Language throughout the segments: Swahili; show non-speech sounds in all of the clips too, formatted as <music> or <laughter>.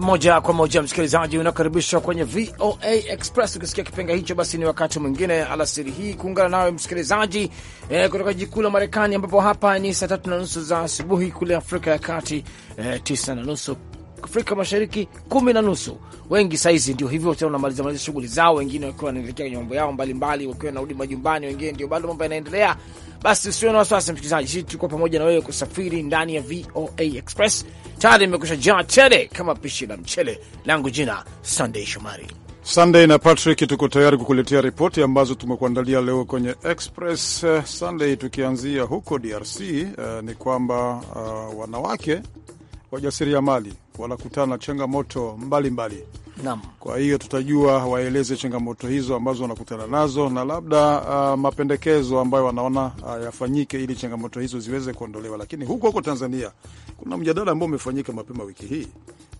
Moja kwa moja, msikilizaji, unakaribishwa kwenye VOA Express. Ukisikia kipenga hicho, basi ni wakati mwingine alasiri hii kuungana nawe msikilizaji, e, kutoka jiji kuu la Marekani, ambapo hapa ni saa tatu na nusu za asubuhi, kule Afrika ya Kati e, tisa na nusu Afrika Mashariki kumi na nusu. Wengi saizi ndio hivyo tena, wanamaliza maliza shughuli zao, wengine wakiwa wanaelekea kwenye mambo yao mbalimbali, wakiwa narudi majumbani, wengine ndio bado mambo yanaendelea. Basi usiwe na wasiwasi msikilizaji, sisi tuko pamoja na wewe kusafiri ndani ya VOA Express. Tayari imekusha jaa tele kama pishi la mchele. Langu jina Sunday Shomari. Sunday na Patrick, tuko tayari kukuletea ripoti ambazo tumekuandalia leo kwenye Express eh, Sunday, tukianzia huko DRC. Uh, eh, ni kwamba uh, wanawake wajasiriamali wanakutana na changamoto mbalimbali. mbali. kwa hiyo tutajua waeleze changamoto hizo ambazo wanakutana nazo na labda uh, mapendekezo ambayo wanaona uh, yafanyike ili changamoto hizo ziweze kuondolewa. Lakini huko huko Tanzania kuna mjadala ambao umefanyika mapema wiki hii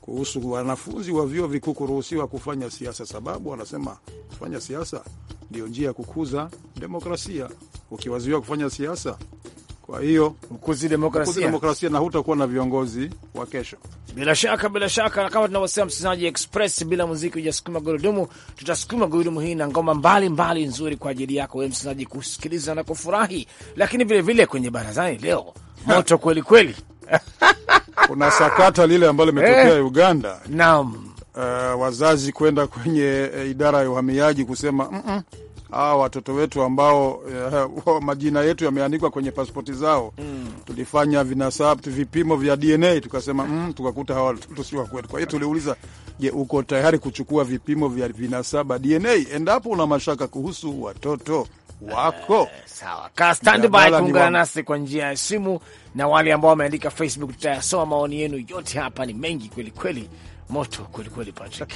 kuhusu wanafunzi wa vyuo vikuu kuruhusiwa kufanya siasa, sababu wanasema kufanya siasa ndio njia ya kukuza demokrasia. Ukiwazuia kufanya siasa kwa hiyo mkuzi demokrasia, demokrasia na hutakuwa na viongozi wa kesho. Bila shaka, bila shaka, na kama tunavyosema msikilizaji, Express bila muziki hujasukuma gurudumu. Tutasukuma gurudumu hii na ngoma mbalimbali nzuri kwa ajili yako wewe msikilizaji kusikiliza na kufurahi, lakini vilevile vile kwenye barazani leo <laughs> moto kweli kweli <laughs> kuna sakata lile ambalo limetokea eh, Uganda. Naam, uh, wazazi kwenda kwenye eh, idara ya uhamiaji kusema mm -mm hawa watoto wetu ambao uh, <laughs> majina yetu yameandikwa kwenye pasipoti zao mm. Tulifanya vinasaba vipimo vya DNA tukasema mm, tukakuta hawa watoto si wa kwetu. Kwa hiyo tuliuliza, je, uko tayari kuchukua vipimo vya vinasaba DNA endapo una mashaka kuhusu watoto wako. Uh, sawa, ka standby kuungana nasi kwa njia ya simu na wale ambao wameandika Facebook, tutayasoma maoni yenu yote hapa, ni mengi kwelikweli kweli. Moto kweli, Patrick.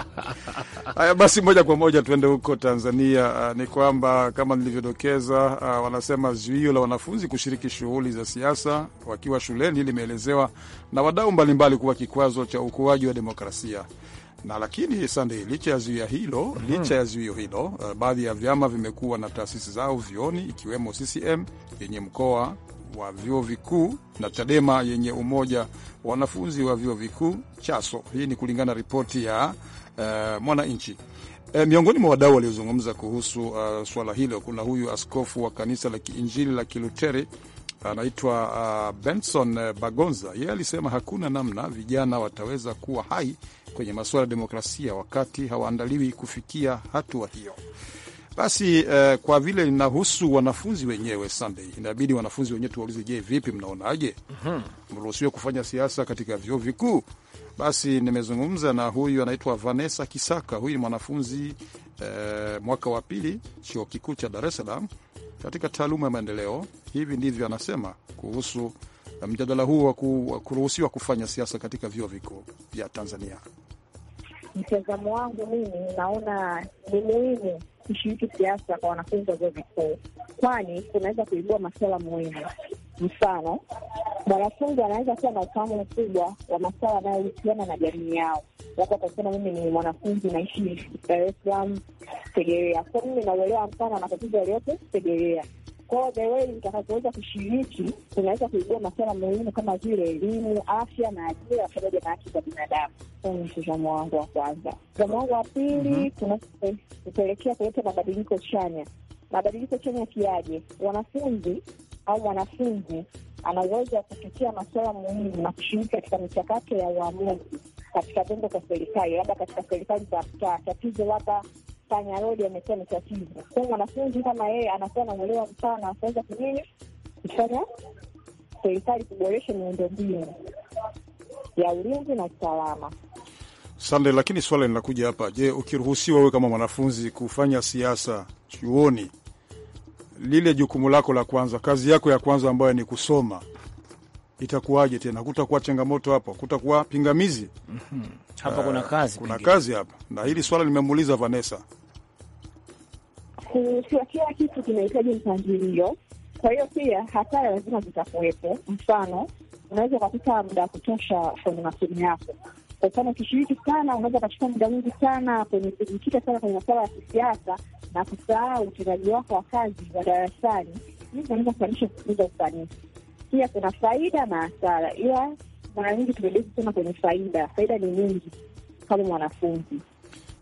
<laughs> Haya basi, moja kwa moja tuende huko Tanzania. Ah, ni kwamba kama nilivyodokeza, ah, wanasema zuio la wanafunzi kushiriki shughuli za siasa wakiwa shuleni limeelezewa na wadau mbalimbali kuwa kikwazo cha ukuaji wa demokrasia na lakini Sande, licha ya zuio hilo mm -hmm. licha ya zuio hilo uh, baadhi ya vyama vimekuwa na taasisi zao vioni ikiwemo CCM yenye mkoa wa vyuo vikuu na Chadema yenye umoja wa wanafunzi wa vyuo vikuu Chaso. Hii ni kulingana ripoti ya uh, Mwananchi. E, miongoni mwa wadau waliozungumza kuhusu uh, swala hilo kuna huyu askofu wa kanisa la Kiinjili la Kiluteri anaitwa uh, Benson Bagonza. Yeye alisema hakuna namna vijana wataweza kuwa hai kwenye masuala ya demokrasia wakati hawaandaliwi kufikia hatua hiyo. Basi eh, kwa vile linahusu wanafunzi wenyewe, Sunday, inabidi wanafunzi wenyewe tuwaulize, je, vipi mnaonaje, mhm. mruhusiwe kufanya siasa katika vyuo vikuu? Basi nimezungumza na huyu anaitwa Vanessa Kisaka. Huyu ni mwanafunzi eh, mwaka wa pili chuo kikuu cha Dar es Salaam katika taaluma ya maendeleo. Hivi ndivyo anasema kuhusu eh, mjadala huu wa kuruhusiwa kufanya siasa katika vyuo vikuu vya Tanzania. Mtazamo wangu mimi, naona ni muhimu kushiriki siasa kwa wanafunzi wa vyuo vikuu, kwani kunaweza kuibua masuala muhimu. Mfano, mwanafunzi anaweza kuwa na ufahamu mkubwa wa masuala yanayohusiana na jamii yao. Wako kwa mfano, mimi ni mwanafunzi naishi Dar es Salaam Segerea, kwa mimi nauelewa mfano wa matatizo yaliyopo Segerea Kwao the way kushiriki, unaweza kuibua masuala muhimu kama vile elimu, afya na ajira pamoja na haki za binadamu. Huu ni mtazamo wangu wa kwanza. Mtazamo wangu wa pili, mhm. tunapelekea kuleta mabadiliko chanya. Mabadiliko chanya kiaje? Wanafunzi au mwanafunzi ana uwezo wa kupitia masuala muhimu na kushiriki katika michakato ya uamuzi katika vyombo vya serikali, labda katika serikali za mtaa, tatizo labda kufanya rodi amekuwa ni tatizo. Kwa mwanafunzi kama yeye anakuwa anamwelewa sana, ataweza kunini kufanya serikali kuboresha miundombinu ya ulinzi na usalama. Sande, lakini swala linakuja hapa. Je, ukiruhusiwa wewe kama mwanafunzi kufanya siasa chuoni, lile jukumu lako la kwanza, kazi yako ya kwanza ambayo ni kusoma, itakuwaje tena? Kutakuwa changamoto hapo? Kutakuwa pingamizi? mm -hmm. Hapa uh, kuna ah, kazi, kuna pingine kazi hapa, na hili swala limemuuliza Vanessa kusiwa kila kitu kinahitaji mpangilio. Kwa hiyo pia hasara lazima zitakuwepo. Mfano, unaweza ukapita muda wa kutosha kwenye masomo yako. Kwa mfano, ukishiriki sana, unaweza ukachukua muda mwingi sana kwenye kujikita sana kwenye masuala ya kisiasa na kusahau utendaji wako wa kazi wa darasani. Hizi zinaweza kufanisha kukuza ufanisi. Pia kuna faida na hasara, ila mara nyingi tumebezi sana kwenye faida. Faida ni nyingi kama mwanafunzi.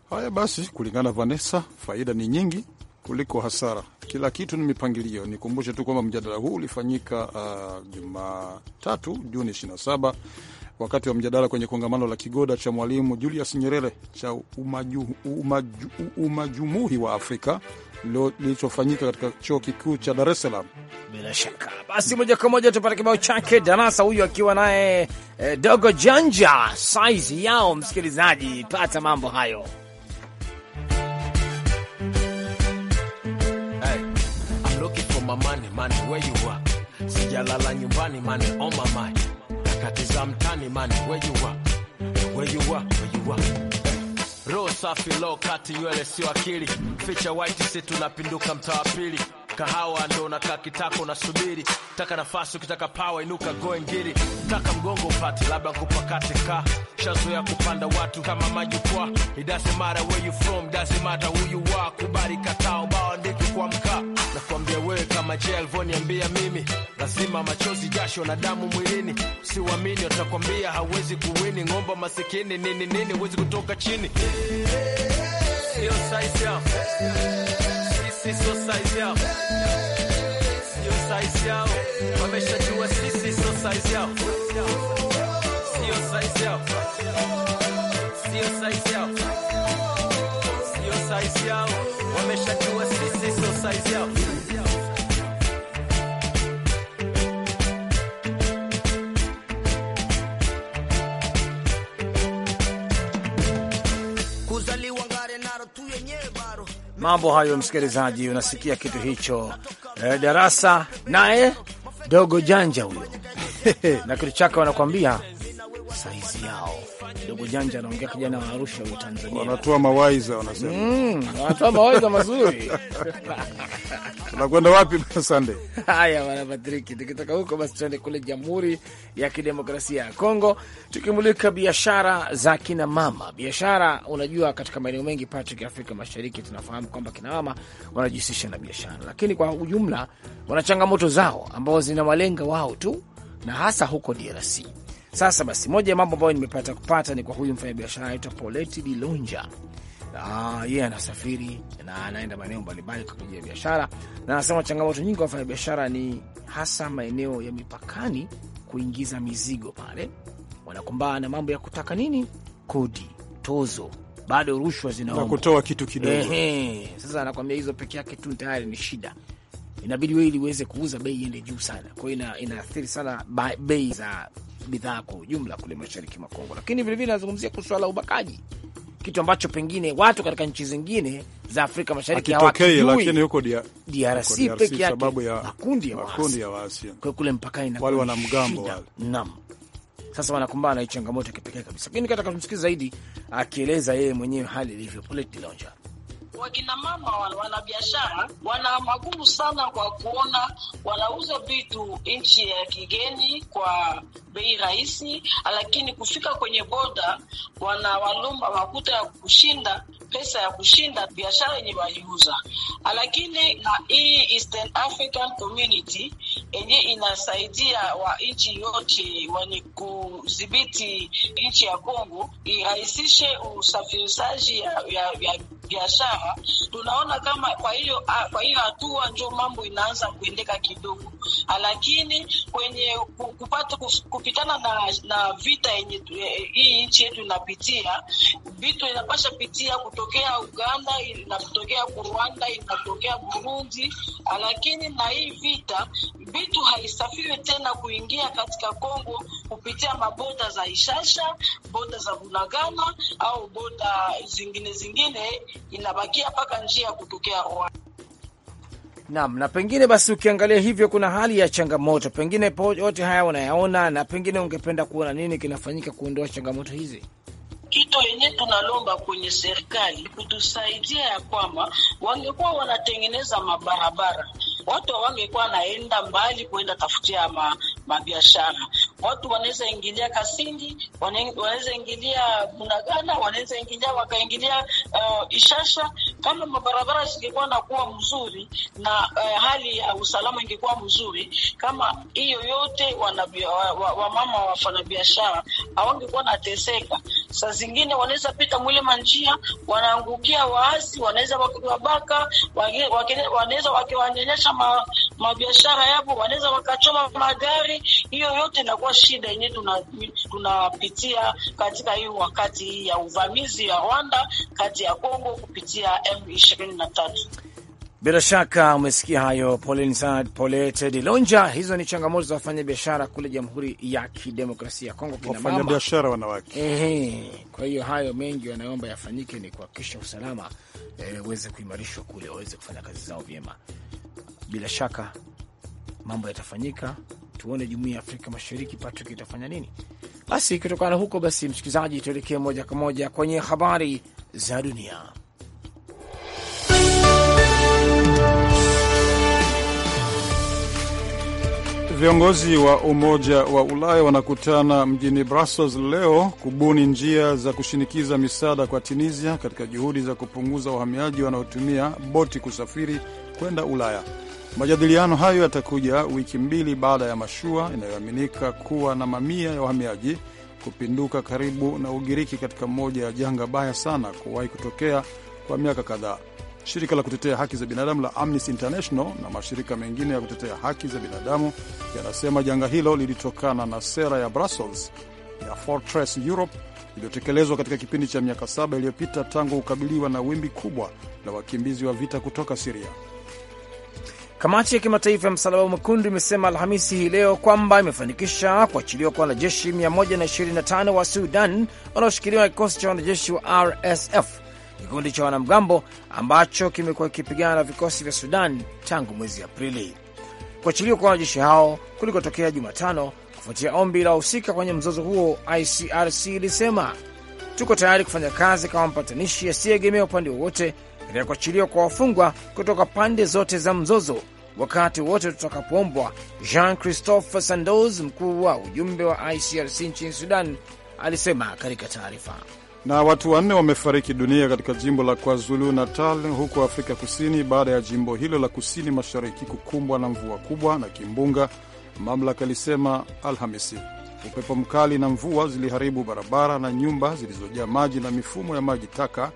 Haya basi, kulingana Vanessa, faida ni nyingi kuliko hasara. Kila kitu ni mipangilio. Nikumbushe tu kwamba mjadala huu ulifanyika uh, Jumatatu Juni 27 wakati wa mjadala kwenye kongamano la kigoda cha Mwalimu Julius Nyerere cha umaju, umaju, umajumuhi wa Afrika lilichofanyika katika chuo kikuu cha Dar es Salaam. Bila shaka basi, moja kwa moja tupate kibao chake Darasa, huyu akiwa naye eh, Dogo Janja, saizi yao msikilizaji, pata mambo hayo. my money, money, where you are. Sijalala nyumbani money, on my mind. Nakatiza mtani money, where you are. Where you are, where you are. Roho safi, low kati, nywele sio akili. Ficha white, si tunapinduka mtaa wa pili kahawa ndo unakaa kitako nasubiri, taka nafasi ukitaka pawa inuka goe ngiri, taka mgongo upate labda kupakate ka ya kupanda watu kama majukwa It doesn't matter where you from, doesn't matter who you are, kubali katao bao ndiki kwa mkaa nakwambia wewe kama je alivyoniambia mimi, lazima machozi, jasho na damu mwilini. Siwamini watakwambia hawezi kuwini, ng'omba masikini nini nini, huwezi kutoka chini, sio saizi sisi size yao, sio size yao, wameshajua sisi sio size yao, sio size yao, sio size yao, sio size yao, wameshajua sisi sio size yao Mambo hayo, msikilizaji, unasikia kitu hicho e, darasa naye dogo janja huyo <laughs> na kitu chake wanakwambia saizi yao ujanja, anaongea kijana wa Arusha huyo, Tanzania. Wanatoa mawaidha wanasema, mm, wanatoa mawaidha mazuri <laughs> tunakwenda wapi Sunday? Haya bwana Patrick, tukitoka huko basi tuende kule Jamhuri ya Kidemokrasia ya Kongo, tukimulika biashara za kina mama. Biashara, unajua katika maeneo mengi Patrick, Afrika Mashariki tunafahamu kwamba kina mama wanajihusisha na biashara, lakini kwa ujumla wana changamoto zao ambao zinawalenga wao tu na hasa huko DRC sasa basi, moja ya mambo ambayo nimepata kupata ni kwa huyu mfanyabiashara anaitwa Poleti Dilonja. Ah, yeye yeah, anasafiri na anaenda maeneo mbalimbali kwa ajili ya biashara, na anasema changamoto nyingi kwa wafanyabiashara ni hasa maeneo ya mipakani kuingiza mizigo pale, wanakumbana na mambo ya kutaka nini, kodi, tozo, bado rushwa zinaomba kutoa kitu kidogo. Ehe, sasa anakwambia hizo peke yake tu tayari ni shida, inabidi wewe ili uweze kuuza bei iende juu sana, kwa hiyo inaathiri sana bei za bidhaa kwa ujumla kule mashariki mwa Kongo, lakini vilevile anazungumzia kuhusu swala la ubakaji, kitu ambacho pengine watu katika nchi zingine za Afrika Mashariki hawakijui, lakini huko DRC peke yake makundi ya waasi kwa kule mpakani na wale wanamgambo wale, naam sasa wanakumbana na changamoto ya kipekee kabisa, lakini kataka tumsikize zaidi akieleza yeye mwenyewe hali ilivyo. Polet Dilonja wakinamama wanabiashara wana magumu sana kwa kuona wanauza vitu nchi ya kigeni kwa bei rahisi, lakini kufika kwenye boda wanawalomba makuta ya kushinda pesa ya kushinda biashara yenye waliuza, ah, lakini na hii Eastern African Community yenye inasaidia wa nchi yote wenye kudhibiti nchi ya Kongo irahisishe usafirishaji ya, ya, ya biashara. Tunaona kama kwa hiyo ah, kwa hiyo hatua njo mambo inaanza kuendeka kidogo. Ah, lakini kwenye kupata kupitana na, na vita yenye eh, hii nchi yetu inapitia, vitu inapasha pitia kutokea Uganda, inatokea Rwanda, inatokea Burundi, ah, lakini na hii vita vitu haisafiri tena kuingia katika Kongo kupitia maboda za Ishasha, boda za Bunagana au boda zingine zingine, inabakia mpaka njia ya kutokea Rwanda. Naam, na pengine basi ukiangalia hivyo, kuna hali ya changamoto, pengine yote haya unayaona, na pengine ungependa kuona nini kinafanyika kuondoa changamoto hizi? Kitu yenye tunalomba kwenye serikali kutusaidia ya kwamba wangekuwa wanatengeneza mabarabara, watu wangekuwa naenda mbali kuenda tafutia ma, mabiashara. Watu wanaweza ingilia Kasindi, wanaweza ingilia Bunagana, wanaweza ingilia wakaingilia uh, Ishasha. Kama mabarabara zingekuwa na kuwa mzuri na uh, hali ya uh, usalama ingekuwa mzuri, kama hiyo yote wamama wa, wafanyabiashara hawangekuwa nateseka. Saa zingine wanaweza pita mwile manjia, wanaangukia waasi, wanaweza wakiwabaka, wanaweza wakiwaendelesha mabiashara yapo, wanaweza wakachoma magari. Hiyo yote inakuwa shida yenyewe tunapitia katika hii wakati ya uvamizi ya Rwanda kati ya Kongo kupitia M ishirini na tatu. Bila shaka umesikia hayo. Poleni Polete Dilonja. Hizo ni changamoto za wafanyabiashara kule Jamhuri ya Kidemokrasia ya Kongo, wafanyabiashara wanawake. Ehe, kwa hiyo hayo mengi wanaomba yafanyike ni kuhakikisha usalama eh, uweze kuimarishwa kule, waweze kufanya kazi zao vyema. Bila shaka mambo yatafanyika, tuone jumuiya ya Afrika Mashariki, Patrick, itafanya nini. Basi kutokana huko, basi msikilizaji, tuelekee moja kwa moja kwenye habari za dunia. Viongozi wa Umoja wa Ulaya wanakutana mjini Brussels leo kubuni njia za kushinikiza misaada kwa Tunisia katika juhudi za kupunguza wahamiaji wanaotumia boti kusafiri kwenda Ulaya. Majadiliano hayo yatakuja wiki mbili baada ya mashua inayoaminika kuwa na mamia ya wahamiaji kupinduka karibu na Ugiriki katika moja ya janga baya sana kuwahi kutokea kwa miaka kadhaa. Shirika la kutetea haki za binadamu la Amnesty International na mashirika mengine ya kutetea haki za binadamu yanasema janga hilo lilitokana na sera ya Brussels ya Fortress Europe iliyotekelezwa katika kipindi cha miaka saba iliyopita tangu kukabiliwa na wimbi kubwa la wakimbizi wa vita kutoka Siria. Kamati ya kimataifa ya Msalaba Mwekundu imesema Alhamisi hii leo kwamba imefanikisha kuachiliwa kwa wanajeshi 125 wa Sudan wanaoshikiliwa na kikosi cha wanajeshi wa RSF kikundi cha wanamgambo ambacho kimekuwa kikipigana na vikosi vya Sudan tangu mwezi Aprili. Kuachiliwa kwa wanajeshi hao kulikotokea Jumatano kufuatia ombi la wahusika kwenye mzozo huo, ICRC ilisema tuko tayari kufanya kazi kama mpatanishi asiyeegemea upande wowote katika kuachiliwa kwa wafungwa kutoka pande zote za mzozo wakati wote tutakapoombwa. Jean Christophe Sandos, mkuu wa ujumbe wa ICRC nchini Sudan, alisema katika taarifa. Na watu wanne wamefariki dunia katika jimbo la KwaZulu Natal huko Afrika Kusini baada ya jimbo hilo la kusini mashariki kukumbwa na mvua kubwa na kimbunga, mamlaka ilisema Alhamisi. Upepo mkali na mvua ziliharibu barabara na nyumba zilizojaa maji na mifumo ya maji taka,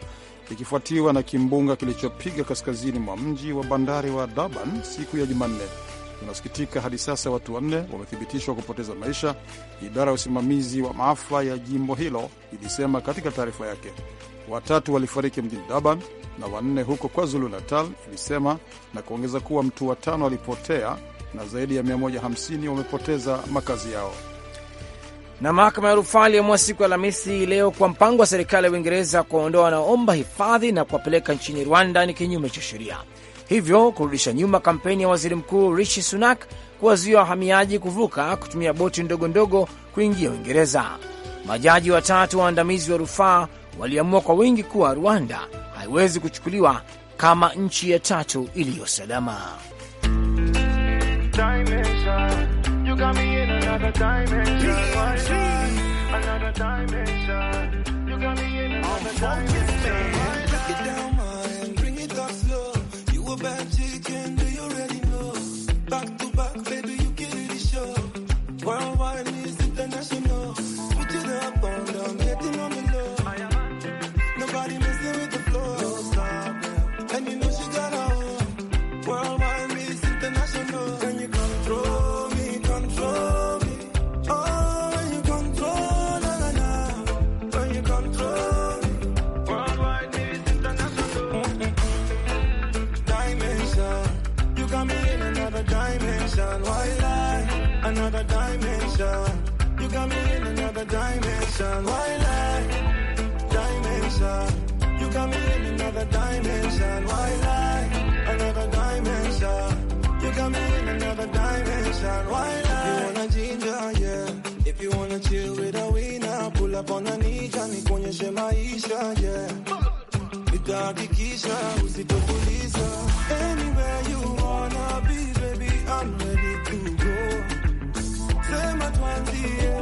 ikifuatiwa na kimbunga kilichopiga kaskazini mwa mji wa bandari wa Durban siku ya Jumanne. Tunasikitika hadi sasa watu wanne wamethibitishwa kupoteza maisha, idara ya usimamizi wa maafa ya jimbo hilo ilisema katika taarifa yake. Watatu walifariki mjini Durban na wanne huko KwaZulu Natal, ilisema na kuongeza kuwa mtu watano alipotea na zaidi ya 150 wamepoteza makazi yao. Na mahakama ya rufaa iliamua siku ya Alhamisi leo kwa mpango wa serikali ya Uingereza kuwaondoa wanaoomba hifadhi na kuwapeleka nchini Rwanda ni kinyume cha sheria hivyo kurudisha nyuma kampeni ya waziri mkuu Rishi Sunak kuwazuia wahamiaji kuvuka kutumia boti ndogo ndogo kuingia Uingereza. Majaji watatu waandamizi wa rufaa waliamua kwa wingi kuwa Rwanda haiwezi kuchukuliwa kama nchi ya tatu iliyo salama. back to line, wine line. If you wanna ginger, yeah. If you wanna chill with a winner, pull up on a nija, nikuonyeshe maisha, yeah. Nitahakikisha usitokuliza. Anywhere you wanna be, baby, I'm ready to go. Sema tuanzie.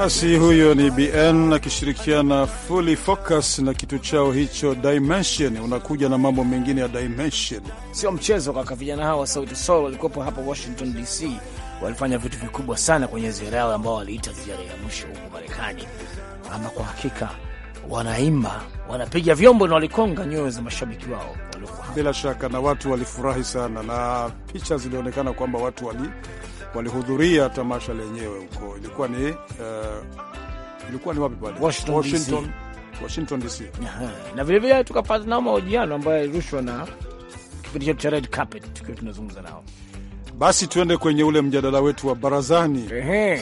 Basi huyo ni BN akishirikiana Fully Focus na kitu chao hicho Dimension. Unakuja na mambo mengine ya Dimension, sio mchezo kaka. Vijana hawa Sauti Sol walikuwepo hapa Washington DC, walifanya vitu vikubwa sana kwenye ziara yao ambao waliita ziara ya mwisho huko Marekani. Ama kwa hakika wanaimba, wanapiga vyombo na walikonga nyoyo za mashabiki wao Bila shaka na watu walifurahi sana, na picha zilionekana kwamba watu wali walihudhuria tamasha lenyewe huko. Ilikuwa ni uh, ilikuwa ni wapi pale? Washington, Washington, DC, Washington DC. Na vilevile tukapata nao mahojiano ambayo yalirushwa na kipindi chetu cha Red Carpet tukiwa tunazungumza nao. Basi tuende kwenye ule mjadala wetu wa barazani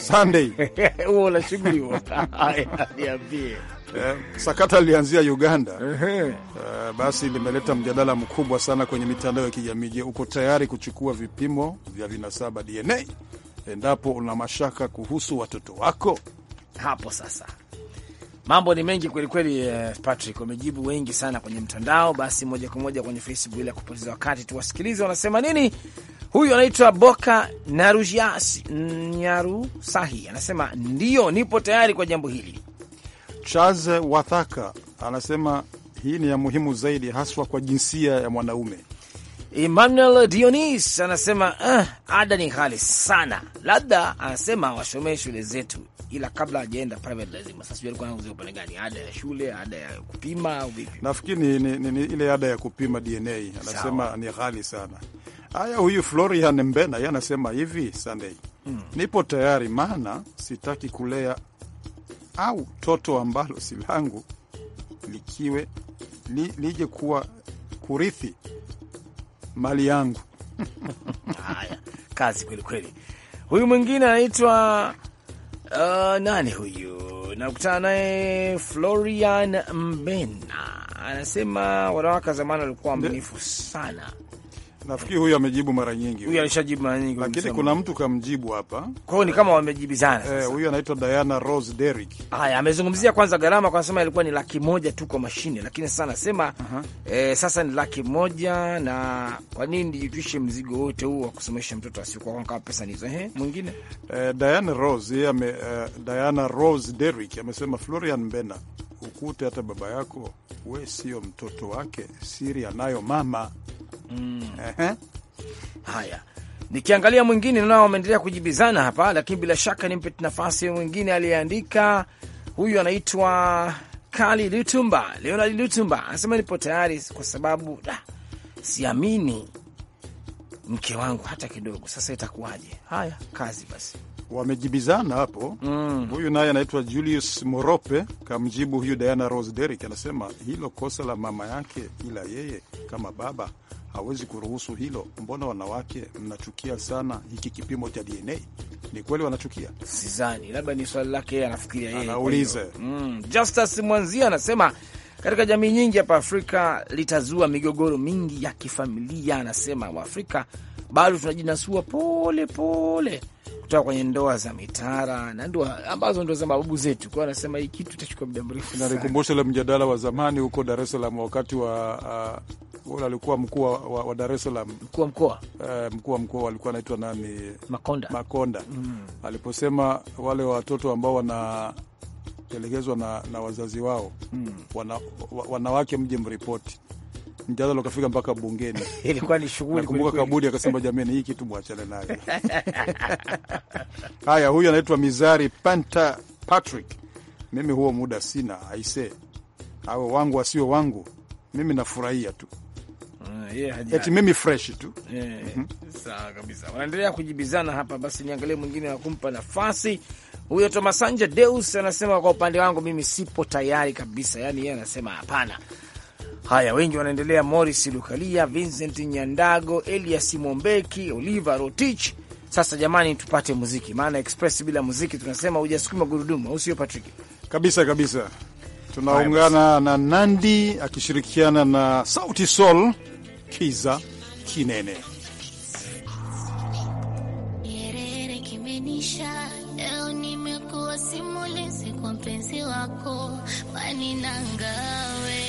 Sunday. <laughs> Huo la shughuli huo. <laughs> Niambie eh, sakata lilianzia Uganda eh, basi limeleta mjadala mkubwa sana kwenye mitandao ya kijamii. Je, uko tayari kuchukua vipimo vya vinasaba DNA endapo una mashaka kuhusu watoto wako? Hapo sasa mambo ni mengi kwelikweli. Eh, Patrick, wamejibu wengi sana kwenye mtandao. Basi moja kwa moja kwenye Facebook bila kupoteza wakati, tuwasikilize wanasema nini. Huyu anaitwa Boka nyarusahi anasema ndiyo, nipo tayari kwa jambo hili. Charles Wathaka anasema hii ni ya muhimu zaidi haswa kwa jinsia ya mwanaume. Emmanuel Dionis anasema eh, ada ni ghali sana, labda anasema wasomee shule zetu, ila kabla ajaenda private lazima sasa upande gani, ada ya shule, ada ya kupima au vipi? Nafikiri ni, ni, ni ile ada ya kupima DNA anasema Sao. ni ghali sana. Haya, huyu Florian Mbena yeye anasema hivi Sunday, hmm. nipo tayari maana sitaki kulea au toto ambalo si langu likiwe li, lije kuwa kurithi mali yangu. Haya, kazi kweli kweli. Huyu mwingine anaitwa uh, nani huyu? Nakutana naye Florian Mbena, anasema wanawake zamani walikuwa waminifu sana Nafikiri huyu amejibu mara nyingi, huyu alishajibu mara nyingi, lakini kuna mtu kamjibu hapa, kwa hiyo ni kama wamejibizana eh, sasa. Eh, huyu anaitwa Diana Rose Derrick. Haya, amezungumzia kwanza gharama kwa sema ilikuwa ni laki moja tu kwa mashine, lakini sasa anasema uh -huh. eh, sasa ni laki moja na kwa nini nijitwishe mzigo wote huu wa kusomesha mtoto asiyokuwa kwa pesa nizo Ehe, mwingine eh, Diana Rose yeye ame uh, Diana Rose Derrick amesema Florian Mbena ukute hata baba yako we sio mtoto wake, siri anayo mama Mm. Haya, nikiangalia mwingine nao wameendelea kujibizana hapa, lakini bila shaka nimpe nafasi mwingine aliyeandika. Huyu anaitwa Kali Lutumba, Leonard Lutumba anasema nipo tayari kwa sababu da, siamini mke wangu hata kidogo. Sasa itakuwaje? Haya, kazi basi. Wamejibizana hapo mm. Huyu naye anaitwa Julius Morope kamjibu huyu Diana Rose anasema hilo kosa la mama yake, ila yeye kama baba hawezi kuruhusu hilo. Mbona wanawake mnachukia sana hiki kipimo cha DNA? Ni kweli wanachukia? Sizani, labda ni swali lake, anafikiria yeye, anaulize. Mm, Justus Mwanzia anasema katika jamii nyingi hapa Afrika litazua migogoro mingi ya kifamilia. Anasema Waafrika bado tunajinasua pole pole kutoka kwenye ndoa za mitara na ndoa ambazo ndo za mababu zetu. Kwao anasema hii kitu itachukua muda mrefu. Narikumbusha ile mjadala wa zamani huko Dar es Salaam wakati wa uh, alikuwa mkuu wa, wa Dar es Salaam, mkuu wa mkoa eh, mkuu wa mkoa alikuwa anaitwa nani? Makonda, Makonda. Mm. Aliposema wale watoto ambao wanatelekezwa na, na wazazi wao mm. wana, wanawake mje mripoti mjadala ukafika mpaka bungeni. <laughs> Ilikuwa ni shughuli. Nakumbuka Kabudi akasema jamani, hii kitu mwachane nayo. <laughs> Haya, huyu anaitwa Mizari Panta Patrick. Mimi huo muda sina aise, awe wangu wasio wangu, mimi nafurahia tu yeah, eti mimi fresh tu yeah. mm -hmm. Sawa kabisa, wanaendelea kujibizana hapa. Basi niangalie mwingine wa kumpa nafasi huyo. Tomasanja Deus anasema kwa upande wangu mimi sipo tayari kabisa, yaani yeye ya anasema hapana. Haya, wengi wanaendelea: Morris Lukalia, Vincent Nyandago, Elias Mombeki, Oliver Rotich. Sasa jamani, tupate muziki, maana express bila muziki tunasema hujasukuma gurudumu, au sio Patrick? Kabisa kabisa, tunaungana na Nandi akishirikiana na Sauti Sol kiza kinene. Nyerere kimenisha, leo nimekuwa simulizi kwa mpenzi wako pani nangawe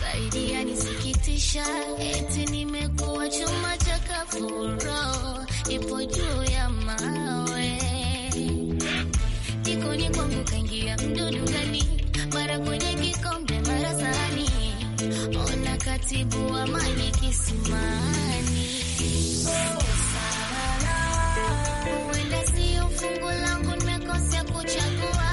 zaidi yanisikitisha, eti nimekuwa chuma cha kafuro ipo juu ya mawe jikoni kwangu kaingia mdudugani mara kwenye kikombe ona katibu amani kisimani wenda sio langu nimekosea kuchagua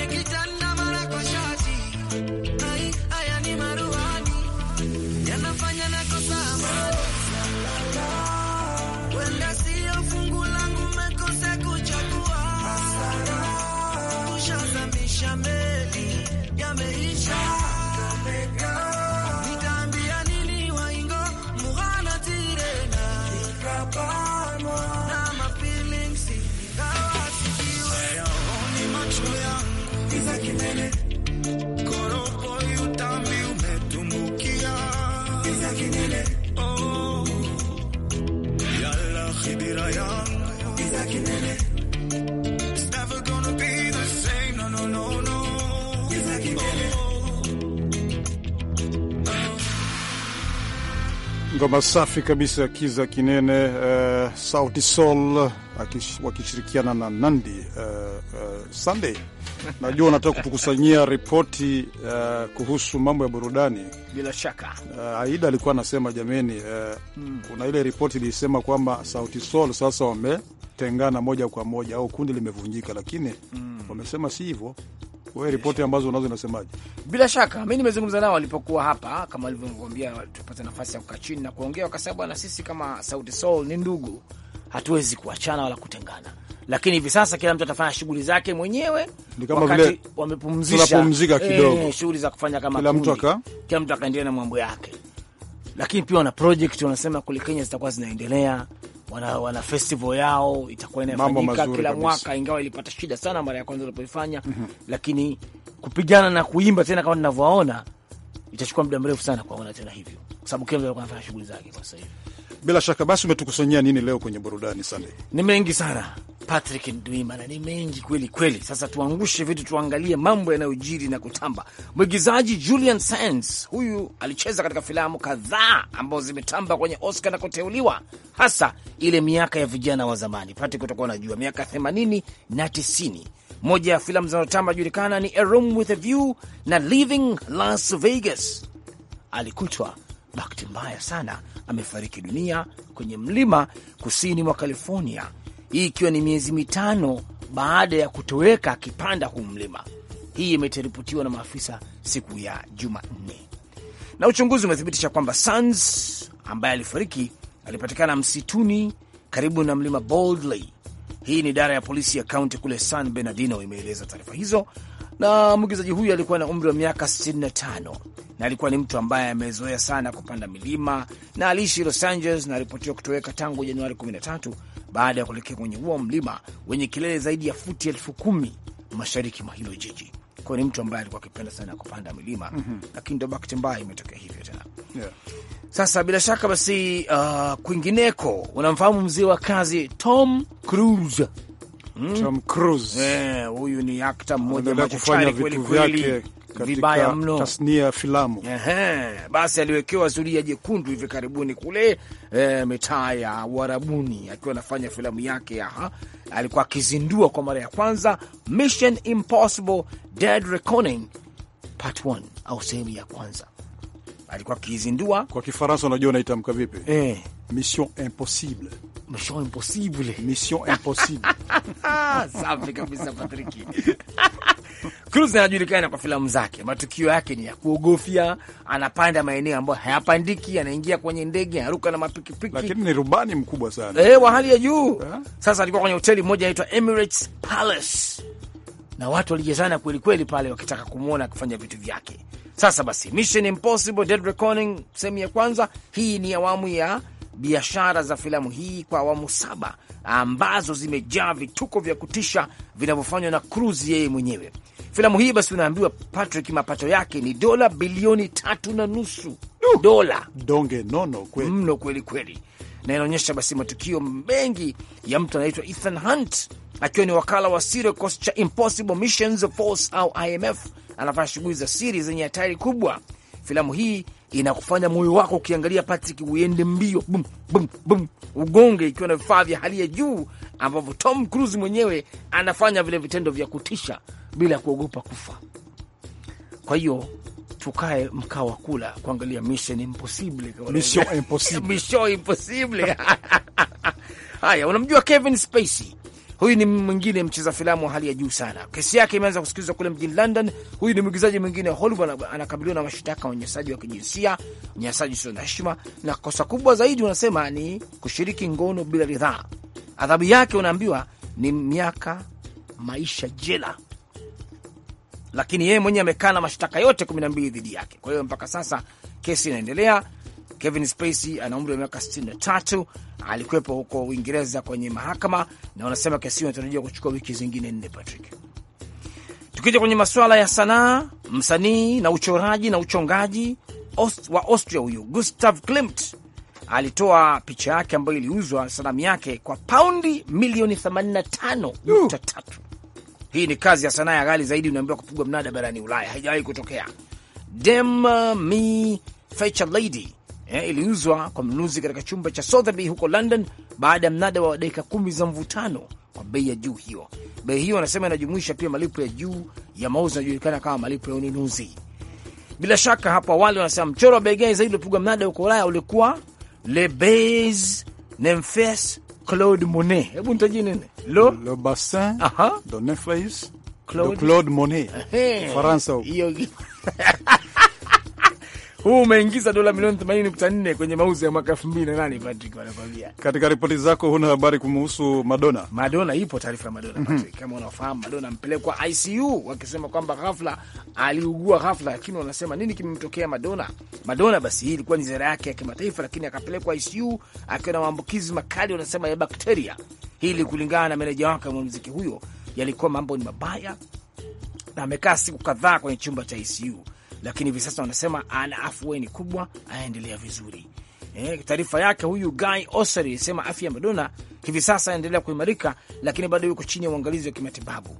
ngoma safi kabisa kiza kinene uh, eh, Sauti Sol wakishirikiana na Nandi uh, uh, Sunday. <laughs> Najua unataka kutukusanyia ripoti uh, kuhusu mambo ya burudani bila shaka. Uh, Aida alikuwa anasema jameni, uh, hmm. kuna ile ripoti ilisema kwamba Sauti Sol sasa wametengana moja kwa moja au kundi limevunjika, lakini hmm. wamesema si hivyo wewe ripoti ambazo unazo inasemaje? Bila shaka mi nimezungumza nao walipokuwa hapa, kama walivyoambia, tupate nafasi ya kukaa chini na kuongea, kwa sababu na sisi kama Sauti Sol ni ndugu, hatuwezi kuachana wala kutengana lakini hivi sasa kila mtu atafanya shughuli zake mwenyewe, ni kama vile wamepumzisha eh, kidogo e, shughuli za kufanya kama kila mtu aka kila mtu akaendelea na mambo yake, lakini pia wana project wanasema kule Kenya zitakuwa zinaendelea wana, wana festival yao itakuwa inafanyika kila mwaka, ingawa ilipata shida sana mara ya kwanza walipoifanya mm -hmm. Lakini kupigana na kuimba tena kama ninavyoona itachukua muda mrefu sana kuwaona tena hivyo, kwa sababu kila mtu alikuwa anafanya shughuli zake kwa sasa hivi. Bila shaka basi, umetukusanyia nini leo kwenye burudani Sunday? Ni mengi sana Patrick Ndwimana. Ni mengi kweli kweli. Sasa tuangushe vitu, tuangalie mambo yanayojiri na kutamba. Mwigizaji Julian Sands huyu alicheza katika filamu kadhaa ambazo zimetamba kwenye Oscar na kuteuliwa, hasa ile miaka ya vijana wa zamani. Patrick, utakuwa unajua miaka 80 na 90. Moja ya filamu zinazotamba julikana ni A Room with a View na Leaving Las Vegas. Alikutwa bahati mbaya sana amefariki dunia kwenye mlima kusini mwa California hii ikiwa ni miezi mitano baada ya kutoweka akipanda huu mlima. Hii imeteripotiwa na maafisa siku ya Jumanne, na uchunguzi umethibitisha kwamba Sans ambaye alifariki alipatikana msituni karibu na mlima Boldly. Hii ni idara ya polisi ya kaunti kule San Bernardino imeeleza taarifa hizo. Na mwigizaji huyu alikuwa na umri wa miaka 65 na alikuwa ni mtu ambaye amezoea sana kupanda milima na aliishi Los Angeles na alipotiwa kutoweka tangu Januari 13 baada ya kuelekea kwenye huo mlima wenye kilele zaidi ya futi elfu kumi mashariki mwa hilo jiji. Kwa ni mtu ambaye alikuwa akipenda sana kupanda milima mm -hmm. Lakini ndo bahati mbaya imetokea hivyo tena yeah. Sasa bila shaka basi, uh, kwingineko unamfahamu mzee wa kazi Tom Cruise mm? Tom Cruise eh, huyu ni akta mmoja kufanya vitu vyake vibaya mno tasnia ya filamu. Ehe, basi aliwekewa zulia jekundu hivi karibuni kule e, mitaa ya Warabuni akiwa anafanya filamu yake. Aha, alikuwa akizindua kwa mara ya kwanza Mission Impossible Dead Reckoning Part 1 au sehemu ya kwanza alikuwa akizindua kwa Kifaransa. Unajua unaitamka vipi? Eh, Mission Impossible, Mission Impossible, Mission Impossible. <laughs> Safi kabisa Patrick. <laughs> Cruise anajulikana kwa filamu zake, matukio yake ni ya kuogofya. Anapanda maeneo ambayo hayapandiki, anaingia kwenye ndege, anaruka na mapikipiki, lakini ni rubani mkubwa sana eh, wa hali ya juu ha? Eh? Sasa alikuwa kwenye hoteli moja inaitwa Emirates Palace na watu walijazana kweli kweli pale wakitaka kumwona akifanya vitu vyake. Sasa basi, Mission Impossible Dead Reckoning sehemu ya kwanza, hii ni awamu ya biashara za filamu hii kwa awamu saba ambazo zimejaa vituko vya kutisha vinavyofanywa na Cruz yeye mwenyewe. Filamu hii basi, unaambiwa Patrick, mapato yake ni dola bilioni tatu na nusu dola donge nono kweli mno, kweli kweli, na inaonyesha basi matukio mengi ya mtu anaitwa Ethan Hunt akiwa ni wakala wa siri kikosi cha Impossible Missions Force au IMF, anafanya shughuli za siri zenye hatari kubwa. Filamu hii inakufanya moyo wako ukiangalia Patrick uende mbio bum, bum, bum, ugonge, ikiwa na vifaa vya hali ya juu ambavyo Tom Cruise mwenyewe anafanya vile vitendo vya kutisha bila kuogopa kufa. Kwa hiyo tukae mkaa wa kula kuangalia Mission Impossible, Mission Impossible. <laughs> Mission Impossible. <laughs> Haya, unamjua Kevin Spacey Huyu ni mwingine mcheza filamu wa hali ya juu sana. Kesi yake imeanza kusikilizwa kule mjini London. Huyu ni mwigizaji mwingine Hollywood, anakabiliwa na mashtaka ya unyanyasaji wa kijinsia, unyanyasaji usio na heshima, na kosa kubwa zaidi wanasema ni kushiriki ngono bila ridhaa. Adhabu yake unaambiwa ni miaka maisha jela, lakini yeye mwenyewe amekaa na mashtaka yote kumi na mbili dhidi yake. Kwa hiyo mpaka sasa kesi inaendelea Kevin Spacey ana umri wa miaka 63, alikuwepo huko Uingereza kwenye mahakama na wanasema kesi hiyo inatarajiwa kuchukua wiki zingine nne. Patrick, tukija kwenye masuala ya sanaa, msanii na uchoraji na uchongaji Ost, wa Austria huyu Gustav Klimt alitoa picha yake ambayo iliuzwa sanamu yake kwa paundi milioni 85.3. Hii ni kazi ya sanaa ya ghali zaidi, unaambiwa kupigwa mnada barani Ulaya, haijawahi kutokea. Demi Feature Lady eh, iliuzwa kwa mnunuzi katika chumba cha Sotheby huko London baada ya mnada wa dakika kumi za mvutano kwa bei ya juu hiyo. Bei hiyo wanasema inajumuisha pia malipo ya juu ya mauzo yanajulikana kama malipo ya ununuzi. Bila shaka, hapo awali wanasema mchoro wa bei gani zaidi uliopiga mnada huko Ulaya ulikuwa Lebes Nemfes Claude Monet. Hebu nitajie nini? Lo, Le Bassin de Nemfes Claude Monet. Faransa huko. <laughs> huu umeingiza dola milioni themanini nukta nne kwenye mauzo ya mwaka elfu mbili na nane Patrick, wanakwambia. Katika ripoti zako huna habari kumuhusu Madonna? Madonna ipo taarifa ya Madonna mhm. Patrick. Mm -hmm. Kama unaofahamu Madonna ampelekwa ICU wakisema kwamba ghafla aliugua ghafla, lakini wanasema nini kimemtokea Madonna? Madonna basi hii ilikuwa ni ziara yake ya kimataifa, lakini akapelekwa ICU akiwa na maambukizi makali wanasema ya bakteria. Hili kulingana na meneja wake wa muziki huyo, yalikuwa mambo ni mabaya na amekaa siku kadhaa kwenye chumba cha ICU lakini hivi sasa wanasema ana afueni kubwa, anaendelea vizuri. E, taarifa yake huyu Guy Osser sema afya ya Madonna hivi sasa anaendelea kuimarika, lakini bado yuko chini ya uangalizi wa kimatibabu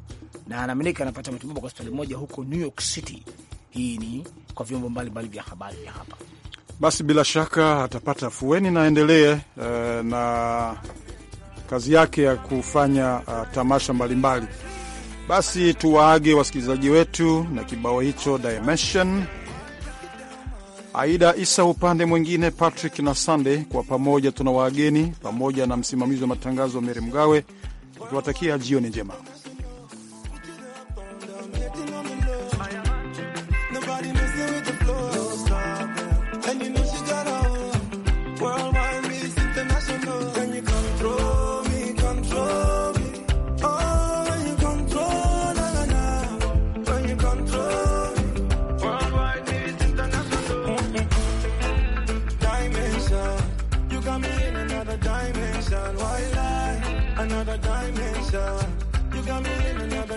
na anaaminika anapata matibabu kwa hospitali moja huko New York City. Hii ni kwa vyombo mbalimbali vya habari vya hapa. Basi bila shaka atapata afueni na aendelee eh, na kazi yake ya kufanya uh, tamasha mbalimbali mbali. Basi tuwaage wasikilizaji wetu na kibao hicho Dimension. Aida Isa upande mwingine, Patrick na Sande, kwa pamoja tuna waageni pamoja na msimamizi wa matangazo Meri Mgawe, tukiwatakia jioni njema.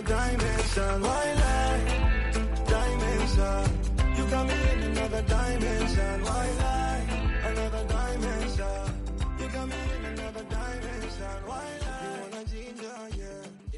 dimension, why lie? Dimension, you got me in another dimension, why lie? Another dimension, you got me in another dimension, why